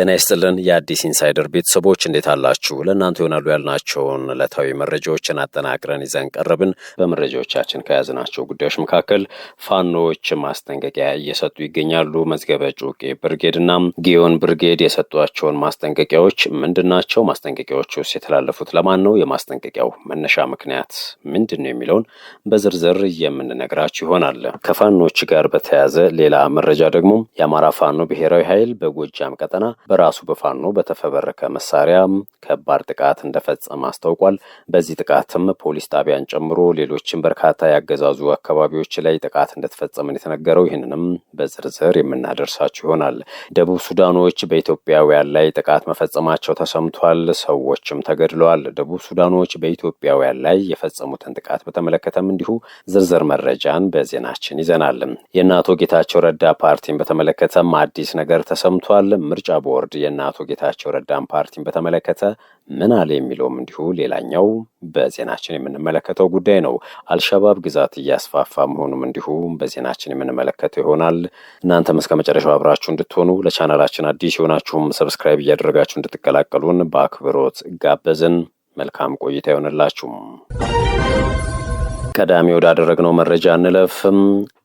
ጤና ይስጥልን የአዲስ ኢንሳይደር ቤተሰቦች እንዴት አላችሁ? ለእናንተ ይሆናሉ ያልናቸውን ዕለታዊ መረጃዎችን አጠናቅረን ይዘን ቀረብን። በመረጃዎቻችን ከያዝናቸው ጉዳዮች መካከል ፋኖዎች ማስጠንቀቂያ እየሰጡ ይገኛሉ። መዝገበ ጩቄ ብርጌድና ጊዮን ብርጌድ የሰጧቸውን ማስጠንቀቂያዎች ምንድን ናቸው? ማስጠንቀቂያዎች ውስጥ የተላለፉት ለማን ነው? የማስጠንቀቂያው መነሻ ምክንያት ምንድን ነው የሚለውን በዝርዝር የምንነግራችሁ ይሆናል። ከፋኖች ጋር በተያያዘ ሌላ መረጃ ደግሞ የአማራ ፋኖ ብሔራዊ ኃይል በጎጃም ቀጠና በራሱ በፋኖ በተፈበረከ መሳሪያ ከባድ ጥቃት እንደፈጸመ አስታውቋል። በዚህ ጥቃትም ፖሊስ ጣቢያን ጨምሮ ሌሎችን በርካታ ያገዛዙ አካባቢዎች ላይ ጥቃት እንደተፈጸመን የተነገረው ይህንንም በዝርዝር የምናደርሳቸው ይሆናል። ደቡብ ሱዳኖች በኢትዮጵያውያን ላይ ጥቃት መፈጸማቸው ተሰምቷል። ሰዎችም ተገድለዋል። ደቡብ ሱዳኖች በኢትዮጵያውያን ላይ የፈጸሙትን ጥቃት በተመለከተም እንዲሁ ዝርዝር መረጃን በዜናችን ይዘናል። የእነ አቶ ጌታቸው ረዳ ፓርቲን በተመለከተም አዲስ ነገር ተሰምቷል። ምርጫ ቦ ቦርድ የእነ አቶ ጌታቸው ረዳን ፓርቲን በተመለከተ ምን አለ የሚለውም እንዲሁ ሌላኛው በዜናችን የምንመለከተው ጉዳይ ነው። አልሸባብ ግዛት እያስፋፋ መሆኑም እንዲሁ በዜናችን የምንመለከተው ይሆናል። እናንተም እስከ መጨረሻው አብራችሁ እንድትሆኑ ለቻናላችን አዲስ የሆናችሁም ሰብስክራይብ እያደረጋችሁ እንድትቀላቀሉን በአክብሮት ጋበዝን። መልካም ቆይታ ይሆንላችሁም። ቀዳሚ ወዳደረግነው መረጃ እንለፍም።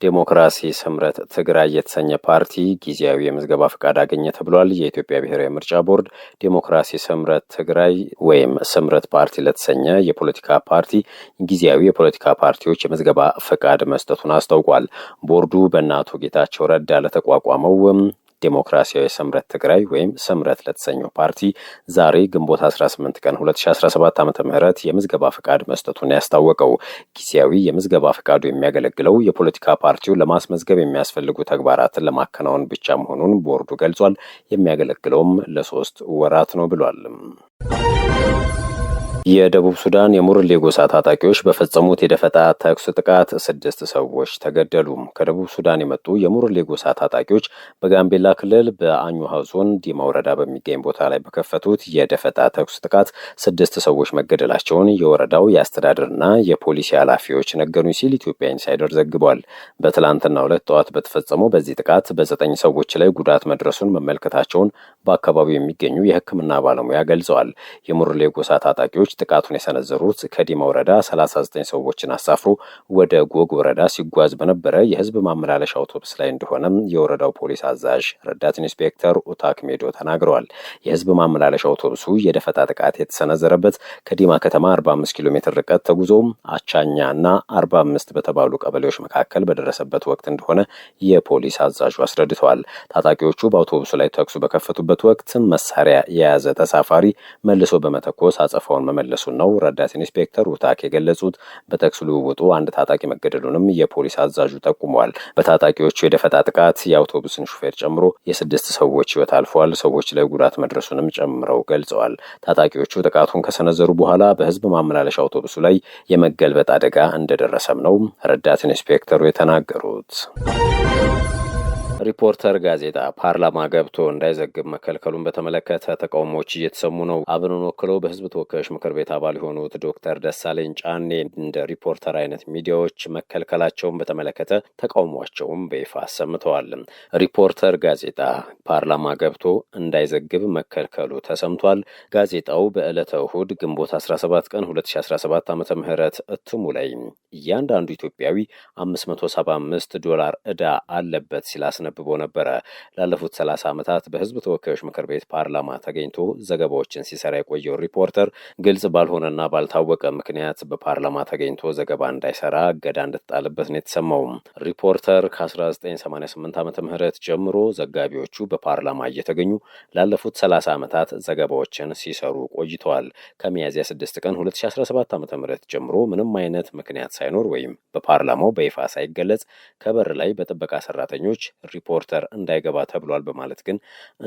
ዴሞክራሲ ስምረት ትግራይ የተሰኘ ፓርቲ ጊዜያዊ የምዝገባ ፈቃድ አገኘ ተብሏል። የኢትዮጵያ ብሔራዊ ምርጫ ቦርድ ዴሞክራሲ ስምረት ትግራይ ወይም ስምረት ፓርቲ ለተሰኘ የፖለቲካ ፓርቲ ጊዜያዊ የፖለቲካ ፓርቲዎች የምዝገባ ፈቃድ መስጠቱን አስታውቋል። ቦርዱ በእነ አቶ ጌታቸው ረዳ ለተቋቋመው ዴሞክራሲያዊ ስምረት ትግራይ ወይም ስምረት ለተሰኘው ፓርቲ ዛሬ ግንቦት 18 ቀን 2017 ዓ ም የምዝገባ ፈቃድ መስጠቱን ያስታወቀው ጊዜያዊ የምዝገባ ፈቃዱ የሚያገለግለው የፖለቲካ ፓርቲው ለማስመዝገብ የሚያስፈልጉ ተግባራትን ለማከናወን ብቻ መሆኑን ቦርዱ ገልጿል። የሚያገለግለውም ለሶስት ወራት ነው ብሏል። የደቡብ ሱዳን የሙርሌ ጎሳ ታጣቂዎች በፈጸሙት የደፈጣ ተኩስ ጥቃት ስድስት ሰዎች ተገደሉ። ከደቡብ ሱዳን የመጡ የሙርሌ ጎሳ ታጣቂዎች በጋምቤላ ክልል በአኙሃ ዞን ዲማ ወረዳ በሚገኝ ቦታ ላይ በከፈቱት የደፈጣ ተኩስ ጥቃት ስድስት ሰዎች መገደላቸውን የወረዳው የአስተዳደርና የፖሊሲ ኃላፊዎች ነገሩኝ ሲል ኢትዮጵያ ኢንሳይደር ዘግቧል። በትላንትና ሁለት ጠዋት በተፈጸመው በዚህ ጥቃት በዘጠኝ ሰዎች ላይ ጉዳት መድረሱን መመልከታቸውን በአካባቢው የሚገኙ የሕክምና ባለሙያ ገልጸዋል። የሙርሌ ጎሳ ታጣቂዎች ኃይሎች ጥቃቱን የሰነዘሩት ከዲማ ወረዳ 39 ሰዎችን አሳፍሮ ወደ ጎግ ወረዳ ሲጓዝ በነበረ የህዝብ ማመላለሻ አውቶቡስ ላይ እንደሆነም የወረዳው ፖሊስ አዛዥ ረዳት ኢንስፔክተር ኡታክ ሜዶ ተናግረዋል። የህዝብ ማመላለሻ አውቶቡሱ የደፈጣ ጥቃት የተሰነዘረበት ከዲማ ከተማ 45 ኪሎ ሜትር ርቀት ተጉዞም አቻኛ እና 45 በተባሉ ቀበሌዎች መካከል በደረሰበት ወቅት እንደሆነ የፖሊስ አዛዡ አስረድተዋል። ታጣቂዎቹ በአውቶቡሱ ላይ ተኩሱ በከፈቱበት ወቅት መሳሪያ የያዘ ተሳፋሪ መልሶ በመተኮስ አጸፋውን መመ እንደተመለሱ ነው ረዳት ኢንስፔክተር ውታክ የገለጹት። በተኩስ ልውውጡ አንድ ታጣቂ መገደሉንም የፖሊስ አዛዡ ጠቁመዋል። በታጣቂዎቹ የደፈጣ ጥቃት የአውቶቡስን ሹፌር ጨምሮ የስድስት ሰዎች ህይወት አልፏል። ሰዎች ላይ ጉዳት መድረሱንም ጨምረው ገልጸዋል። ታጣቂዎቹ ጥቃቱን ከሰነዘሩ በኋላ በህዝብ ማመላለሻ አውቶቡሱ ላይ የመገልበጥ አደጋ እንደደረሰም ነው ረዳት ኢንስፔክተሩ የተናገሩት። ሪፖርተር ጋዜጣ ፓርላማ ገብቶ እንዳይዘግብ መከልከሉን በተመለከተ ተቃውሞዎች እየተሰሙ ነው። አብንን ወክለው በህዝብ ተወካዮች ምክር ቤት አባል የሆኑት ዶክተር ደሳለኝ ጫኔ እንደ ሪፖርተር አይነት ሚዲያዎች መከልከላቸውን በተመለከተ ተቃውሟቸውም በይፋ አሰምተዋል። ሪፖርተር ጋዜጣ ፓርላማ ገብቶ እንዳይዘግብ መከልከሉ ተሰምቷል። ጋዜጣው በዕለተ እሁድ ግንቦት 17 ቀን 2017 ዓ ም እትሙ ላይ እያንዳንዱ ኢትዮጵያዊ 575 ዶላር ዕዳ አለበት ሲላስነ ተርብቦ ነበረ። ላለፉት 30 ዓመታት በህዝብ ተወካዮች ምክር ቤት ፓርላማ ተገኝቶ ዘገባዎችን ሲሰራ የቆየው ሪፖርተር ግልጽ ባልሆነና ባልታወቀ ምክንያት በፓርላማ ተገኝቶ ዘገባ እንዳይሰራ እገዳ እንደተጣለበት ነው የተሰማው። ሪፖርተር ከ1988 ዓመተ ምህረት ጀምሮ ዘጋቢዎቹ በፓርላማ እየተገኙ ላለፉት 30 ዓመታት ዘገባዎችን ሲሰሩ ቆይተዋል። ከሚያዝያ 6 ቀን 2017 ዓ ም ጀምሮ ምንም አይነት ምክንያት ሳይኖር ወይም በፓርላማው በይፋ ሳይገለጽ ከበር ላይ በጥበቃ ሰራተኞች ሪፖርተር እንዳይገባ ተብሏል በማለት ግን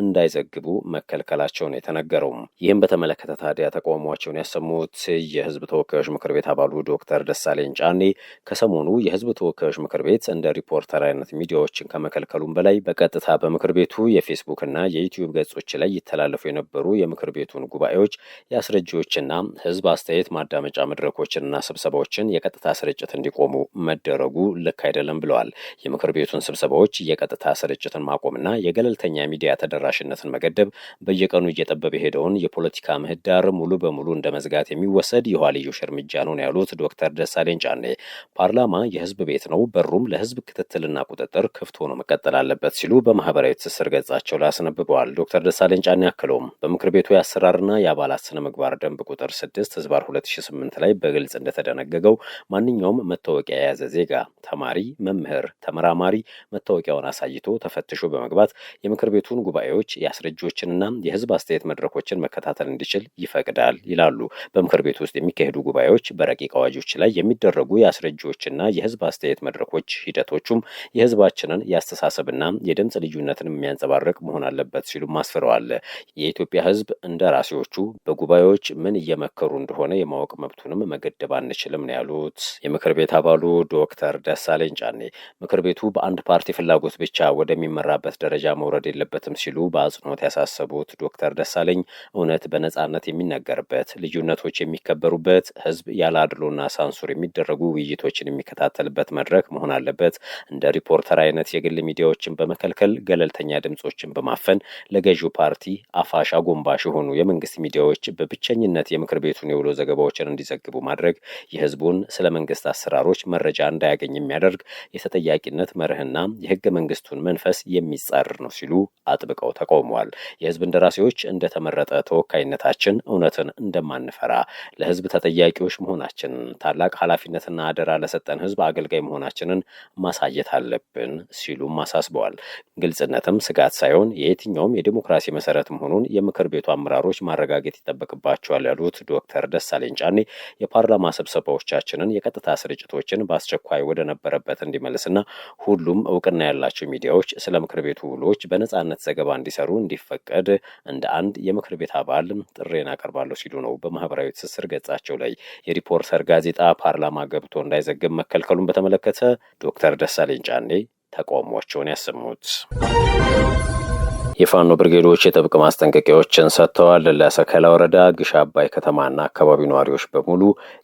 እንዳይዘግቡ መከልከላቸውን የተነገረው። ይህም በተመለከተ ታዲያ ተቃውሟቸውን ያሰሙት የህዝብ ተወካዮች ምክር ቤት አባሉ ዶክተር ደሳለኝ ጫኔ ከሰሞኑ የህዝብ ተወካዮች ምክር ቤት እንደ ሪፖርተር አይነት ሚዲያዎችን ከመከልከሉም በላይ በቀጥታ በምክር ቤቱ የፌስቡክ እና የዩትዩብ ገጾች ላይ ይተላለፉ የነበሩ የምክር ቤቱን ጉባኤዎች፣ የአስረጂዎችና ህዝብ አስተያየት ማዳመጫ መድረኮችንና ስብሰባዎችን የቀጥታ ስርጭት እንዲቆሙ መደረጉ ልክ አይደለም ብለዋል። የምክር ቤቱን ስብሰባዎች የቀጥታ የቀጥታ ስርጭትን ማቆምና የገለልተኛ ሚዲያ ተደራሽነትን መገደብ በየቀኑ እየጠበበ የሄደውን የፖለቲካ ምህዳር ሙሉ በሙሉ እንደ መዝጋት የሚወሰድ የኋልዮሽ እርምጃ ነው ያሉት ዶክተር ደሳለኝ ጫኔ ፓርላማ የህዝብ ቤት ነው፣ በሩም ለህዝብ ክትትልና ቁጥጥር ክፍት ሆኖ መቀጠል አለበት ሲሉ በማህበራዊ ትስስር ገጻቸው ላይ አስነብበዋል። ዶክተር ደሳለኝ ጫኔ አክለውም በምክር ቤቱ የአሰራርና የአባላት ስነ ምግባር ደንብ ቁጥር ስድስት ህዝባር 2008 ላይ በግልጽ እንደተደነገገው ማንኛውም መታወቂያ የያዘ ዜጋ ተማሪ፣ መምህር፣ ተመራማሪ መታወቂያውን አሳየ ተለይቶ ተፈትሾ በመግባት የምክር ቤቱን ጉባኤዎች የአስረጂዎችንና የህዝብ አስተያየት መድረኮችን መከታተል እንዲችል ይፈቅዳል ይላሉ። በምክር ቤት ውስጥ የሚካሄዱ ጉባኤዎች፣ በረቂቅ አዋጆች ላይ የሚደረጉ የአስረጂዎችና የህዝብ አስተያየት መድረኮች ሂደቶቹም የህዝባችንን የአስተሳሰብና የድምፅ ልዩነትን የሚያንጸባርቅ መሆን አለበት ሲሉም አስፍረዋል። የኢትዮጵያ ህዝብ እንደ ራሴዎቹ በጉባኤዎች ምን እየመከሩ እንደሆነ የማወቅ መብቱንም መገደብ አንችልም ነው ያሉት የምክር ቤት አባሉ ዶክተር ደሳለኝ ጫኔ ምክር ቤቱ በአንድ ፓርቲ ፍላጎት ብቻ ብቻ ወደሚመራበት ደረጃ መውረድ የለበትም ሲሉ በአጽንኦት ያሳሰቡት ዶክተር ደሳለኝ እውነት በነጻነት የሚነገርበት፣ ልዩነቶች የሚከበሩበት፣ ህዝብ ያለ አድሎና ሳንሱር የሚደረጉ ውይይቶችን የሚከታተልበት መድረክ መሆን አለበት። እንደ ሪፖርተር አይነት የግል ሚዲያዎችን በመከልከል ገለልተኛ ድምጾችን በማፈን ለገዢው ፓርቲ አፋሽ አጎንባሽ የሆኑ የመንግስት ሚዲያዎች በብቸኝነት የምክር ቤቱን የውሎ ዘገባዎችን እንዲዘግቡ ማድረግ የህዝቡን ስለ መንግስት አሰራሮች መረጃ እንዳያገኝ የሚያደርግ የተጠያቂነት መርህና የህገ መንግስት የመንግስቱን መንፈስ የሚጻረር ነው ሲሉ አጥብቀው ተቃውመዋል። የህዝብ እንደራሴዎች እንደተመረጠ ተወካይነታችን እውነትን እንደማንፈራ ለህዝብ ተጠያቂዎች መሆናችን ታላቅ ኃላፊነትና አደራ ለሰጠን ህዝብ አገልጋይ መሆናችንን ማሳየት አለብን ሲሉም አሳስበዋል። ግልጽነትም ስጋት ሳይሆን የየትኛውም የዲሞክራሲ መሰረት መሆኑን የምክር ቤቱ አመራሮች ማረጋገጥ ይጠበቅባቸዋል ያሉት ዶክተር ደሳለኝ ጫኔ የፓርላማ ስብሰባዎቻችንን የቀጥታ ስርጭቶችን በአስቸኳይ ወደ ነበረበት እንዲመልስና ሁሉም እውቅና ያላቸው ሚዲያዎች ስለ ምክር ቤቱ ውሎች በነጻነት ዘገባ እንዲሰሩ እንዲፈቀድ እንደ አንድ የምክር ቤት አባል ጥሬን አቀርባለሁ ሲሉ ነው በማህበራዊ ትስስር ገጻቸው ላይ። የሪፖርተር ጋዜጣ ፓርላማ ገብቶ እንዳይዘግብ መከልከሉን በተመለከተ ዶክተር ደሳለኝ ጫኔ ተቃውሟቸውን ያሰሙት የፋኖ ብርጌዶች የጥብቅ ማስጠንቀቂያዎችን ሰጥተዋል። ለሰከላ ወረዳ ግሽ አባይ ከተማና አካባቢው ነዋሪዎች በሙሉ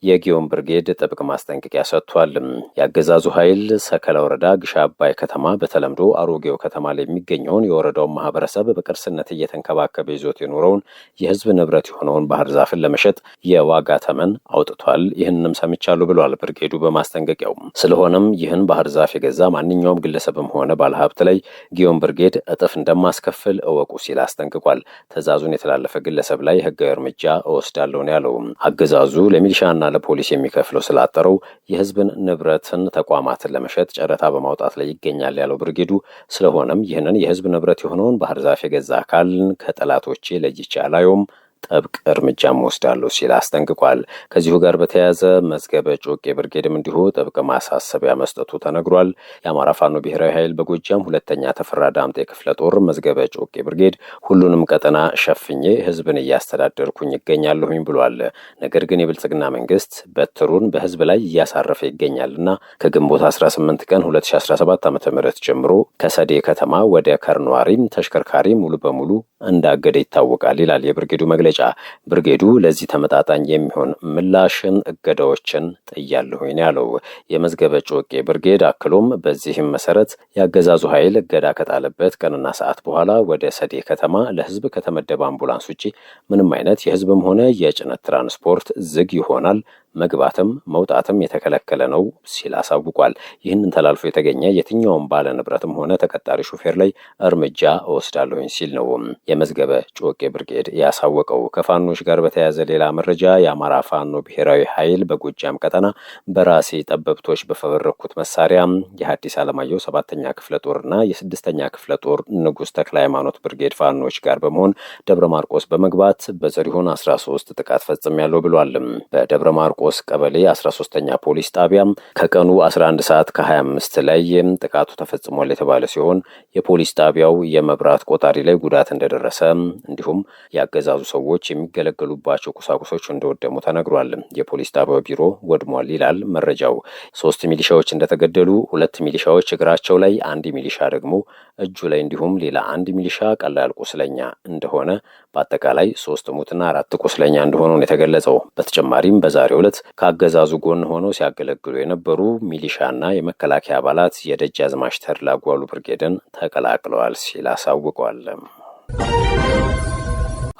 የጊዮን ብርጌድ ጥብቅ ማስጠንቀቂያ ሰጥቷል። የአገዛዙ ኃይል ሰከላ ወረዳ ግሽ አባይ ከተማ በተለምዶ አሮጌው ከተማ ላይ የሚገኘውን የወረዳውን ማህበረሰብ በቅርስነት እየተንከባከበ ይዞት የኖረውን የህዝብ ንብረት የሆነውን ባህር ዛፍን ለመሸጥ የዋጋ ተመን አውጥቷል። ይህንንም ሰምቻሉ ብሏል ብርጌዱ በማስጠንቀቂያው። ስለሆነም ይህን ባህር ዛፍ የገዛ ማንኛውም ግለሰብም ሆነ ባለሀብት ላይ ጊዮን ብርጌድ እጥፍ እንደማስከፍ ክፍል እወቁ ሲል አስጠንቅቋል። ትዕዛዙን የተላለፈ ግለሰብ ላይ ህጋዊ እርምጃ እወስዳለሁ ነው ያለው። አገዛዙ ለሚሊሻና ለፖሊስ የሚከፍለው ስላጠረው የህዝብን ንብረትን ተቋማትን ለመሸጥ ጨረታ በማውጣት ላይ ይገኛል ያለው ብርጌዱ፣ ስለሆነም ይህንን የህዝብ ንብረት የሆነውን ባህር ዛፍ የገዛ አካልን ከጠላቶቼ ለይቼ አላየውም ጥብቅ እርምጃም ወስዳለሁ ሲል አስጠንቅቋል። ከዚሁ ጋር በተያያዘ መዝገበ ጮቄ ብርጌድም እንዲሁ ጥብቅ ማሳሰቢያ መስጠቱ ተነግሯል። የአማራ ፋኖ ብሔራዊ ኃይል በጎጃም ሁለተኛ ተፈራ ዳምጤ ክፍለ ጦር መዝገበ ጮቄ ብርጌድ ሁሉንም ቀጠና ሸፍኜ ህዝብን እያስተዳደርኩኝ ይገኛለሁኝ ብሏል። ነገር ግን የብልጽግና መንግስት በትሩን በህዝብ ላይ እያሳረፈ ይገኛልና ከግንቦት 18 ቀን 2017 ዓ ም ጀምሮ ከሰዴ ከተማ ወደ ከርኗሪም ተሽከርካሪ ሙሉ በሙሉ እንዳገደ ይታወቃል ይላል የብርጌዱ መግለጫ። መግለጫ ብርጌዱ ለዚህ ተመጣጣኝ የሚሆን ምላሽን፣ እገዳዎችን ጥያለሁኝ ያለው የመዝገበ ጮቄ ብርጌድ አክሎም በዚህም መሰረት የአገዛዙ ኃይል እገዳ ከጣለበት ቀንና ሰዓት በኋላ ወደ ሰዴ ከተማ ለህዝብ ከተመደበ አምቡላንስ ውጪ ምንም አይነት የህዝብም ሆነ የጭነት ትራንስፖርት ዝግ ይሆናል መግባትም መውጣትም የተከለከለ ነው ሲል አሳውቋል። ይህንን ተላልፎ የተገኘ የትኛውም ባለ ንብረትም ሆነ ተቀጣሪ ሹፌር ላይ እርምጃ እወስዳለሁኝ ሲል ነው የመዝገበ ጮቄ ብርጌድ ያሳወቀው። ከፋኖች ጋር በተያያዘ ሌላ መረጃ የአማራ ፋኖ ብሔራዊ ኃይል በጎጃም ቀጠና በራሴ ጠበብቶች በፈበረኩት መሳሪያ የሐዲስ አለማየሁ ሰባተኛ ክፍለ ጦርና የስድስተኛ ክፍለ ጦር ንጉሥ ተክለ ሃይማኖት ብርጌድ ፋኖች ጋር በመሆን ደብረ ማርቆስ በመግባት በዘሪሁን 13 ጥቃት ያለው ብሏልም። በደብረ ማርቆስ ቆስ ቀበሌ 13 ተኛ ፖሊስ ጣቢያ ከቀኑ 11 ሰዓት ከ25 ላይ ጥቃቱ ተፈጽሟል የተባለ ሲሆን የፖሊስ ጣቢያው የመብራት ቆጣሪ ላይ ጉዳት እንደደረሰ እንዲሁም ያገዛዙ ሰዎች የሚገለገሉባቸው ቁሳቁሶች እንደወደሙ ተነግሯል። የፖሊስ ጣቢያው ቢሮ ወድሟል ይላል መረጃው። ሶስት ሚሊሻዎች እንደተገደሉ፣ ሁለት ሚሊሻዎች እግራቸው ላይ፣ አንድ ሚሊሻ ደግሞ እጁ ላይ እንዲሁም ሌላ አንድ ሚሊሻ ቀላል ቁስለኛ እንደሆነ በአጠቃላይ ሶስት ሙትና አራት ቁስለኛ እንደሆነውን የተገለጸው። በተጨማሪም በዛሬው ዕለት ከአገዛዙ ጎን ሆነው ሲያገለግሉ የነበሩ ሚሊሻና የመከላከያ አባላት የደጃዝማች ተድላ ጓሉ ብርጌድን ተቀላቅለዋል ሲል አሳውቋል።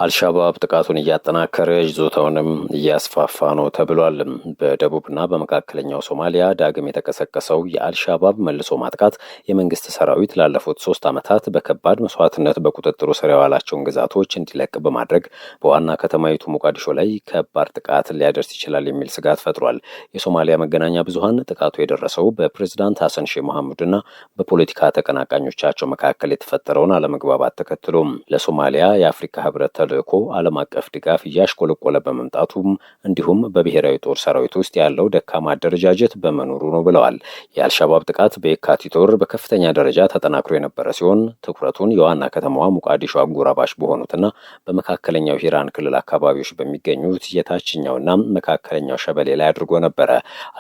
አልሻባብ ጥቃቱን እያጠናከረ ይዞታውንም እያስፋፋ ነው ተብሏል። በደቡብና በመካከለኛው ሶማሊያ ዳግም የተቀሰቀሰው የአልሻባብ መልሶ ማጥቃት የመንግስት ሰራዊት ላለፉት ሶስት ዓመታት በከባድ መስዋዕትነት በቁጥጥሩ ስር የዋላቸውን ግዛቶች እንዲለቅ በማድረግ በዋና ከተማይቱ ሞቃዲሾ ላይ ከባድ ጥቃት ሊያደርስ ይችላል የሚል ስጋት ፈጥሯል። የሶማሊያ መገናኛ ብዙሀን ጥቃቱ የደረሰው በፕሬዝዳንት ሐሰን ሼህ መሐሙድና በፖለቲካ ተቀናቃኞቻቸው መካከል የተፈጠረውን አለመግባባት ተከትሎም ለሶማሊያ የአፍሪካ ህብረት ተልዕኮ ዓለም አቀፍ ድጋፍ እያሽቆለቆለ በመምጣቱም እንዲሁም በብሔራዊ ጦር ሰራዊት ውስጥ ያለው ደካማ አደረጃጀት በመኖሩ ነው ብለዋል። የአልሻባብ ጥቃት በየካቲት ወር በከፍተኛ ደረጃ ተጠናክሮ የነበረ ሲሆን ትኩረቱን የዋና ከተማዋ ሞቃዲሾ አጎራባሽ በሆኑትና በመካከለኛው ሂራን ክልል አካባቢዎች በሚገኙት የታችኛውና መካከለኛው ሸበሌ ላይ አድርጎ ነበረ።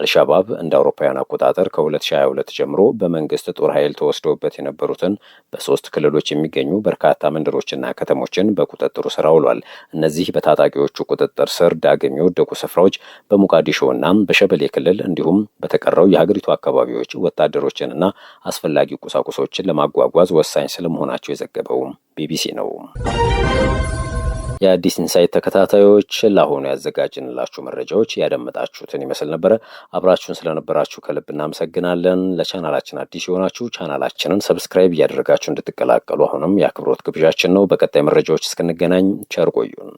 አልሻባብ እንደ አውሮፓውያን አቆጣጠር ከ2022 ጀምሮ በመንግስት ጦር ኃይል ተወስዶበት የነበሩትን በሶስት ክልሎች የሚገኙ በርካታ መንደሮችና ከተሞችን በቁጥጥሩ ስራ ውሏል። እነዚህ በታጣቂዎቹ ቁጥጥር ስር ዳግም የወደቁ ስፍራዎች በሞቃዲሾና በሸበሌ ክልል እንዲሁም በተቀረው የሀገሪቱ አካባቢዎች ወታደሮችንና አስፈላጊ ቁሳቁሶችን ለማጓጓዝ ወሳኝ ስለመሆናቸው የዘገበው ቢቢሲ ነው። የአዲስ ኢንሳይት ተከታታዮች ለአሁኑ ያዘጋጅንላችሁ መረጃዎች ያደመጣችሁትን ይመስል ነበረ። አብራችሁን ስለነበራችሁ ከልብ እናመሰግናለን። ለቻናላችን አዲስ የሆናችሁ ቻናላችንን ሰብስክራይብ እያደረጋችሁ እንድትቀላቀሉ አሁንም የአክብሮት ግብዣችን ነው። በቀጣይ መረጃዎች እስክንገናኝ ቸር ቆዩን።